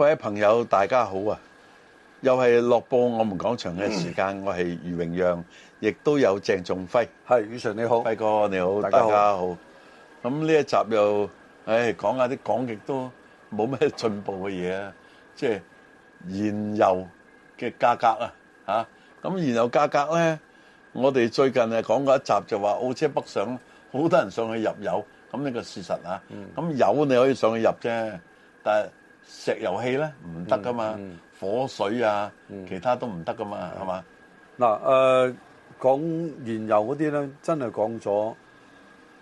各位朋友，大家好啊！又係樂報，我們講場嘅時間，我係余榮讓，亦都有鄭仲輝，係宇晨你好，輝哥你好，大家好。咁呢一集又，誒，講下啲講極都冇咩進步嘅嘢啊！即係燃油嘅價格啊，吓咁燃油價格咧，我哋最近誒講過一集就話澳車北上，好多人上去入油，咁呢個事實啊，咁油你可以上去入啫，但係。石油氣咧唔得噶嘛、嗯嗯，火水啊，嗯、其他都唔得噶嘛，係嘛？嗱誒、呃、講原油嗰啲咧，真係講咗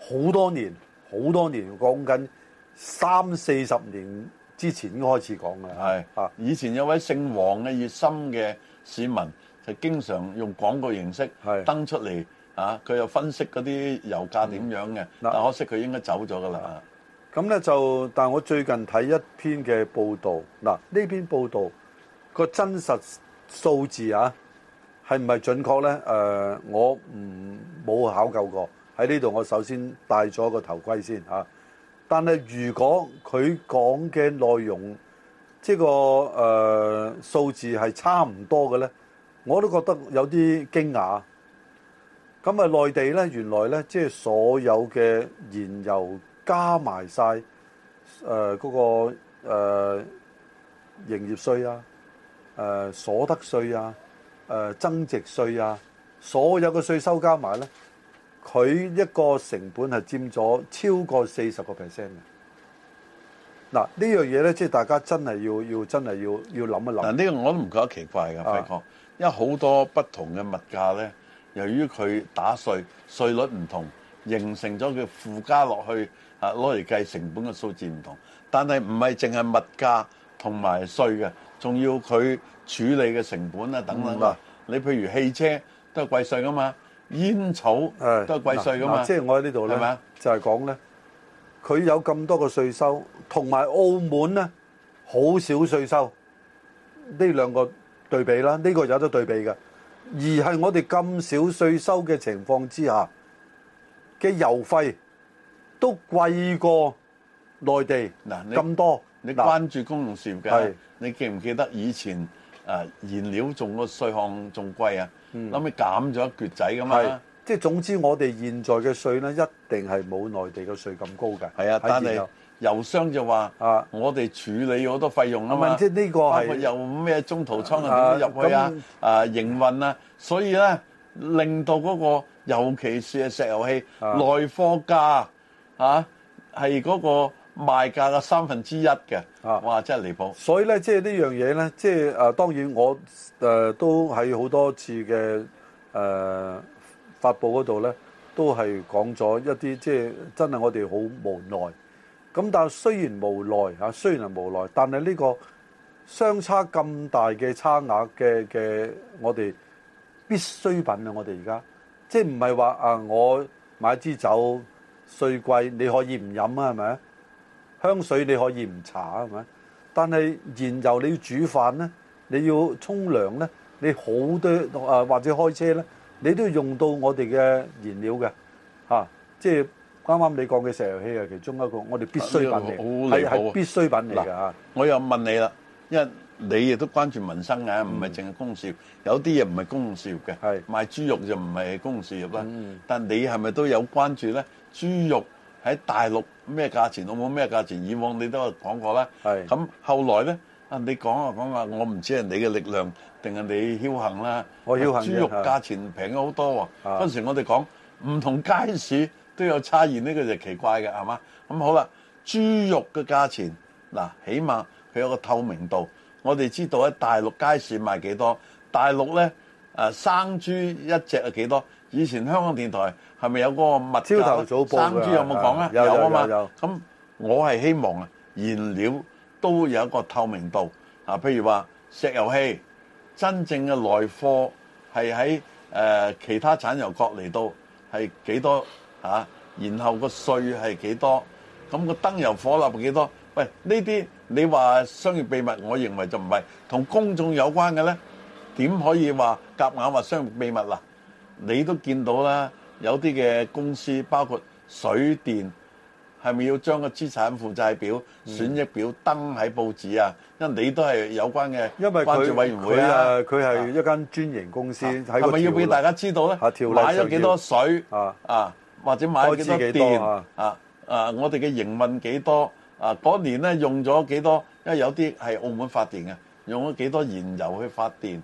好多年，好多年講緊三四十年之前開始講噶啦。係、啊，以前有位姓黃嘅熱心嘅市民，就經常用廣告形式登出嚟啊，佢又分析嗰啲油價點樣嘅、嗯，但可惜佢應該走咗噶啦。啊。咁咧就，但我最近睇一篇嘅報道，嗱呢篇報道個真實數字啊，係唔係準確咧？誒、呃，我唔冇考究過喺呢度。我首先戴咗個頭盔先嚇、啊，但係如果佢講嘅內容，即係個誒、呃、數字係差唔多嘅咧，我都覺得有啲驚訝。咁啊，內地咧原來咧，即係所有嘅燃油。加埋晒誒嗰個誒、呃、營業稅啊、誒、呃、所得稅啊、誒、呃、增值稅啊，所有嘅稅收加埋咧，佢一個成本係佔咗超過四十個 percent 嘅。嗱呢樣嘢咧，即係大家真係要要真係要要諗一諗。嗱呢個我都唔覺得奇怪嘅，啊、因為好多不同嘅物價咧，由於佢打稅，稅率唔同，形成咗佢附加落去。啊，攞嚟計成本嘅數字唔同，但係唔係淨係物價同埋稅嘅，仲要佢處理嘅成本啊等等啊。你譬如汽車都係貴稅噶嘛，煙草都係貴稅噶嘛。即係我喺呢度係咪啊，就係講咧，佢有咁多個稅收，同埋澳門咧好少稅收，呢兩個對比啦。呢個有得對比嘅。而係我哋咁少稅收嘅情況之下嘅油費。都貴過內地嗱咁多、啊你。你關注公用事業、啊啊，你記唔記得以前誒、呃、燃料仲個稅項仲貴啊？諗、嗯、起減咗一橛仔咁嘛！即係總之，我哋現在嘅稅咧，一定係冇內地嘅稅咁高㗎。係啊，但係油商就話、啊：我哋處理好多費用啦。即係呢個係由咩中途倉入去啊？啊,啊,啊營運啊，所以咧令到嗰、那個，尤其是係石油氣、啊、內貨價。啊，係嗰個賣價嘅三分之一嘅，哇，真係離譜！啊、所以咧，即係呢樣嘢咧，即係誒，當然我誒都喺好多次嘅誒發布嗰度咧，都係講咗一啲，即係真係我哋好無奈。咁但係雖然無奈啊，雖然係無奈，但係呢個相差咁大嘅差額嘅嘅，我哋必需品啊！我哋而家即係唔係話啊，我買支酒。稅貴你可以唔飲啊，係咪啊？香水你可以唔搽啊，係咪？但係燃油你要煮飯咧，你要沖涼咧，你好多誒或者開車咧，你都要用到我哋嘅燃料嘅嚇，即係啱啱你講嘅石油氣啊，其中一個我哋必需品嚟，係係必需品嚟㗎嚇。我又問你啦，因為你亦都關注民生㗎，唔係淨係公事業，有啲嘢唔係公事業嘅，賣豬肉就唔係公事業啦。但你係咪都有關注咧？豬肉喺大陸咩價錢？我冇咩價錢？以往你都有講過啦。咁後來咧，啊你講啊講啊，我唔知係你嘅力量定係你僥行僥倖啦。我僥倖嘅。豬肉價錢平咗好多喎。嗰時我哋講唔同街市都有差異，呢個就奇怪嘅，係嘛？咁好啦，豬肉嘅價錢嗱，起碼佢有個透明度，我哋知道喺大陸街市賣幾多，大陸咧誒生豬一隻係幾多？以前香港電台係咪有嗰個物價三 G 有冇講啊？有啊嘛。咁我係希望啊，燃料都有一個透明度啊。譬如話石油氣真正嘅來貨係喺誒其他產油國嚟到係幾多啊？然後個稅係幾多？咁個燈油火蠟幾多？喂，呢啲你話商業秘密，我認為就唔係同公眾有關嘅咧。點可以話夾硬話商業秘密喇？你都見到啦，有啲嘅公司包括水電，係咪要將個資產負債表、損益表登喺報紙啊、嗯因？因為你都係有關嘅因為關注委員會啊。佢係、啊、一間專營公司係咪要俾大家知道咧？買咗幾多水啊，多多啊？啊，或者買咗幾多電啊？啊，我哋嘅營運幾多啊？嗰年咧用咗幾多？因為有啲係澳門發電嘅，用咗幾多燃油去發電，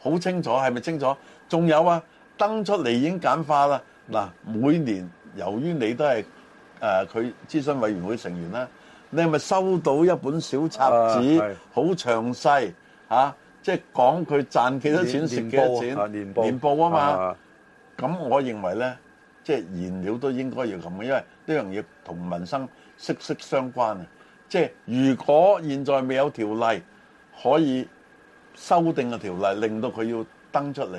好清楚係咪清楚？仲有啊？登出嚟已經簡化啦。嗱，每年由於你都係誒佢諮詢委員會成員啦，你係咪收到一本小冊子，好、啊、詳細嚇、啊？即係講佢賺幾多少錢，蝕幾多錢，年報啊嘛。咁、啊、我認為咧，即、就、係、是、燃料都應該要咁，因為呢樣嘢同民生息息相關啊。即係如果現在未有條例可以修訂嘅條例，令到佢要登出嚟，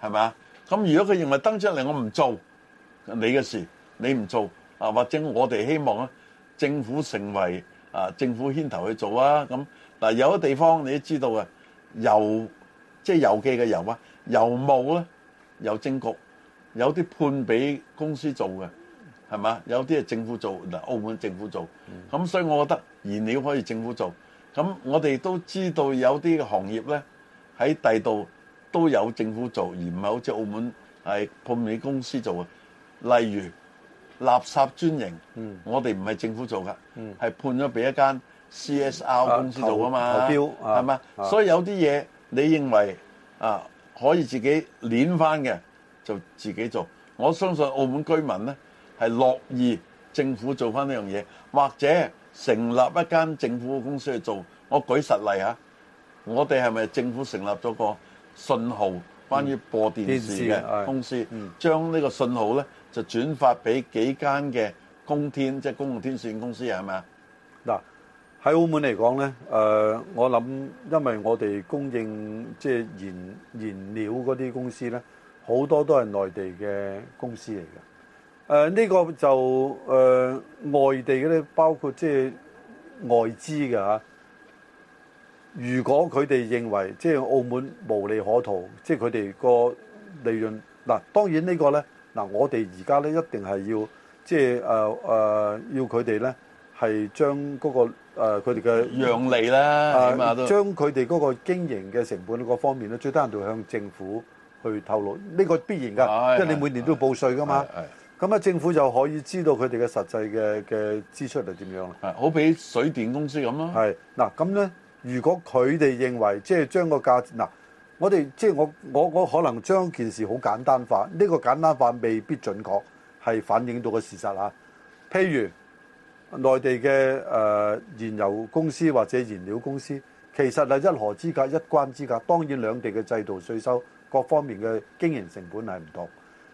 係咪啊？咁如果佢認為登出嚟，我唔做你嘅事，你唔做啊，或者我哋希望咧，政府成為啊政府牽頭去做啊。咁嗱，有啲地方你都知道啊，郵即係郵寄嘅郵啊，郵務咧，郵政局有啲判俾公司做嘅，係嘛？有啲係政府做嗱，澳門政府做。咁所以我覺得燃料可以政府做。咁我哋都知道有啲行業咧喺第度。都有政府做，而唔係好似澳門係判俾公司做嘅。例如垃圾專營，嗯，我哋唔係政府做噶，係、嗯、判咗俾一間 CSR 公司做啊嘛，投標、係、啊、嘛、啊啊？所以有啲嘢你認為啊可以自己捻翻嘅，就自己做。我相信澳門居民咧係樂意政府做翻呢樣嘢，或者成立一間政府嘅公司去做。我舉實例嚇、啊，我哋係咪政府成立咗個。信號關於播電視嘅公司，將呢個信號咧就轉發俾幾間嘅公天，即係公共天線公司啊，係咪啊？嗱喺澳門嚟講咧，誒我諗，因為我哋供應即係燃燃料嗰啲公司咧，好多都係內地嘅公司嚟嘅。誒呢個就誒外地嘅咧，包括即係外資嘅嚇。如果佢哋認為即係澳門無利可圖，即係佢哋個利潤嗱，當然呢個呢，嗱，我哋而家咧一定係要即係誒誒，要佢哋呢，係將嗰個佢哋嘅讓利啦，將佢哋嗰個經營嘅成本各方面呢，最低限度向政府去透露，呢、這個必然㗎，即、哎、因為你每年都要報稅㗎嘛。咁、哎、啊，哎、政府就可以知道佢哋嘅實際嘅嘅支出係點樣啦。好比水電公司咁咯。係嗱，咁咧。如果佢哋認為即係將個價嗱，我哋即係我我我可能將件事好簡單化，呢、這個簡單化未必準確係反映到個事實嚇、啊。譬如內地嘅誒、呃、燃油公司或者燃料公司，其實係一河之隔一關之隔，當然兩地嘅制度、稅收各方面嘅經營成本係唔同。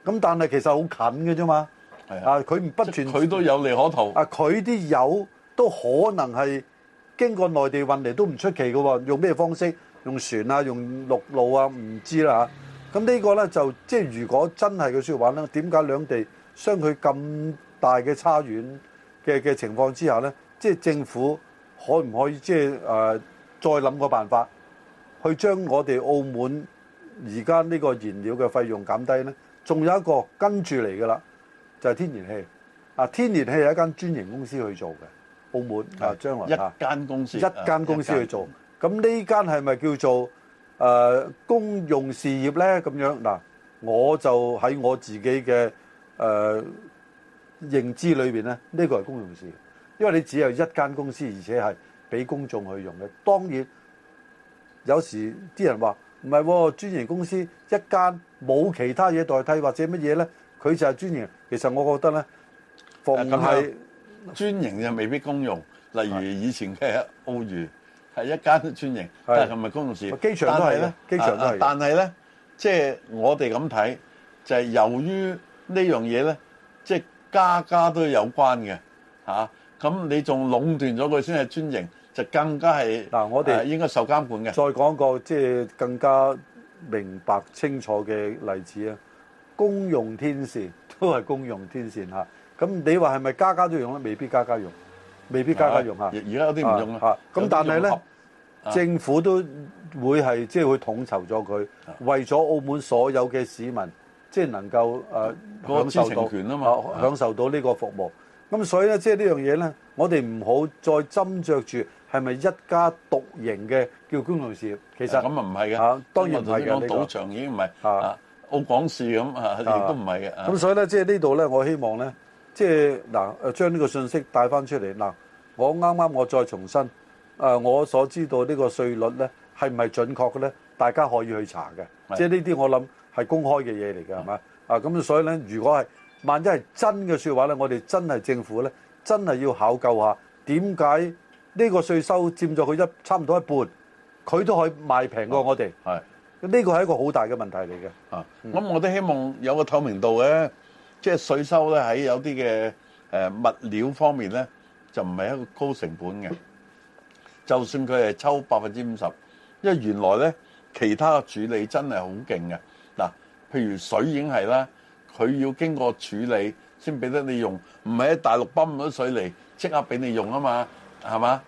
咁但係其實好近嘅啫嘛。係啊，佢唔不斷佢都有利可圖啊，佢啲油都可能係。經過內地運嚟都唔出奇㗎喎，用咩方式？用船啊，用陸路啊，唔知啦。咁呢個呢，就即係如果真係嘅說話呢，點解兩地相距咁大嘅差遠嘅嘅情況之下呢？即係政府可唔可以？即係誒、呃、再諗個辦法去將我哋澳門而家呢個燃料嘅費用減低呢？仲有一個跟住嚟㗎喇，就係、是、天然氣。啊，天然氣係一間專營公司去做嘅。澳門啊，將來一間公司一間公司去做，咁呢間係咪叫做誒公用事業咧？咁樣嗱，我就喺我自己嘅誒認知裏邊咧，呢個係公用事業，因為你只有一間公司，而且係俾公眾去用嘅。當然有時啲人話唔係喎，專營公司一間冇其他嘢代替或者乜嘢咧，佢就係專營。其實我覺得咧，凡係。專營就未必公用，例如以前嘅澳娛係一間專營，但係唔係公用事。機場都係咧，機場都係。但係咧，即係我哋咁睇，就係由於呢樣嘢咧，即係家家都有關嘅嚇。咁你仲壟斷咗佢先係專營，就更加係嗱，我哋應該受監管嘅。再講個即係更加明白清楚嘅例子啊，公用天線都係公用天線嚇。咁你話係咪家家都用咧？未必家家用，未必家家用而家有啲唔用啦。咁，但係咧，政府都會係即係去統籌咗佢，為咗澳門所有嘅市民，即係能夠誒享受到知情權嘛、啊、享受到呢個服務、啊。咁、啊啊啊、所以咧，即係呢樣嘢咧，我哋唔好再斟酌住係咪一家獨營嘅叫公共事業。其實咁啊，唔係嘅。當然唔係，我賭場已經唔係啊，啊，澳廣視咁啊，啊，亦都唔係嘅。咁所以咧，即係呢度咧，我希望咧。即係嗱，將呢個信息帶翻出嚟嗱，我啱啱我再重申，我所知道誒，呢個稅率咧係唔係準確嘅咧？大家可以去查嘅，即係呢啲我諗係公開嘅嘢嚟嘅，係咪啊？咁所以咧，如果係萬一係真嘅說話咧，我哋真係政府咧，真係要考究下點解呢個稅收佔咗佢一差唔多一半，佢都可以賣平過我哋，咁呢個係一個好大嘅問題嚟嘅啊！咁我都希望有個透明度嘅。即係稅收咧，喺有啲嘅誒物料方面咧，就唔係一個高成本嘅。就算佢係抽百分之五十，因為原來咧其他嘅處理真係好勁嘅。嗱，譬如水已經係啦，佢要經過處理先俾得你用，唔係喺大陸泵唔到水嚟，即刻俾你用啊嘛是吧，係嘛？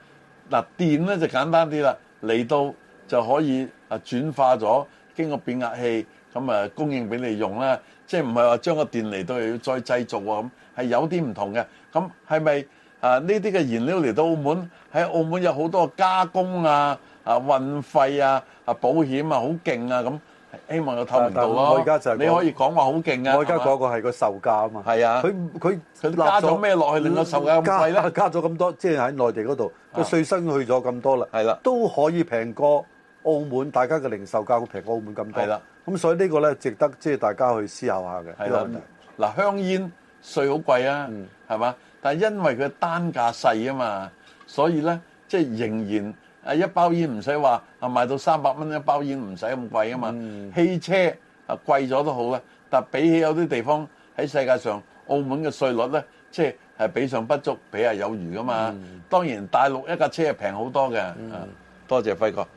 嗱電咧就簡單啲啦，嚟到就可以啊轉化咗，經過變壓器。咁啊，供應俾你用啦，即係唔係話將個電嚟到要再製造啊？咁係有啲唔同嘅。咁係咪啊？呢啲嘅燃料嚟到澳門，喺澳門有好多加工啊、啊運費啊、啊保險啊，好勁啊！咁希望有透明度咯。我而家就係你，你可以講話好勁啊！我而家講個係個售價啊嘛。係啊，佢佢加咗咩落去令到售價咁貴咧？加咗咁多，即係喺內地嗰度個水深去咗咁多啦。係啦，都可以平過澳門，大家嘅零售價會平過澳門咁低。係啦。咁所以呢個咧，值得即係大家去思考下嘅。係嗱、這個、香煙稅好貴啊，係、嗯、嘛？但係因為佢單價細啊嘛，所以咧即係仍然啊一包煙唔使話啊賣到三百蚊一包煙唔使咁貴啊嘛、嗯。汽車啊貴咗都好啦，但比起有啲地方喺世界上，澳門嘅稅率咧，即係係比上不足比，比下有餘噶嘛。當然大陸一架車係平好多嘅、嗯。多謝輝哥。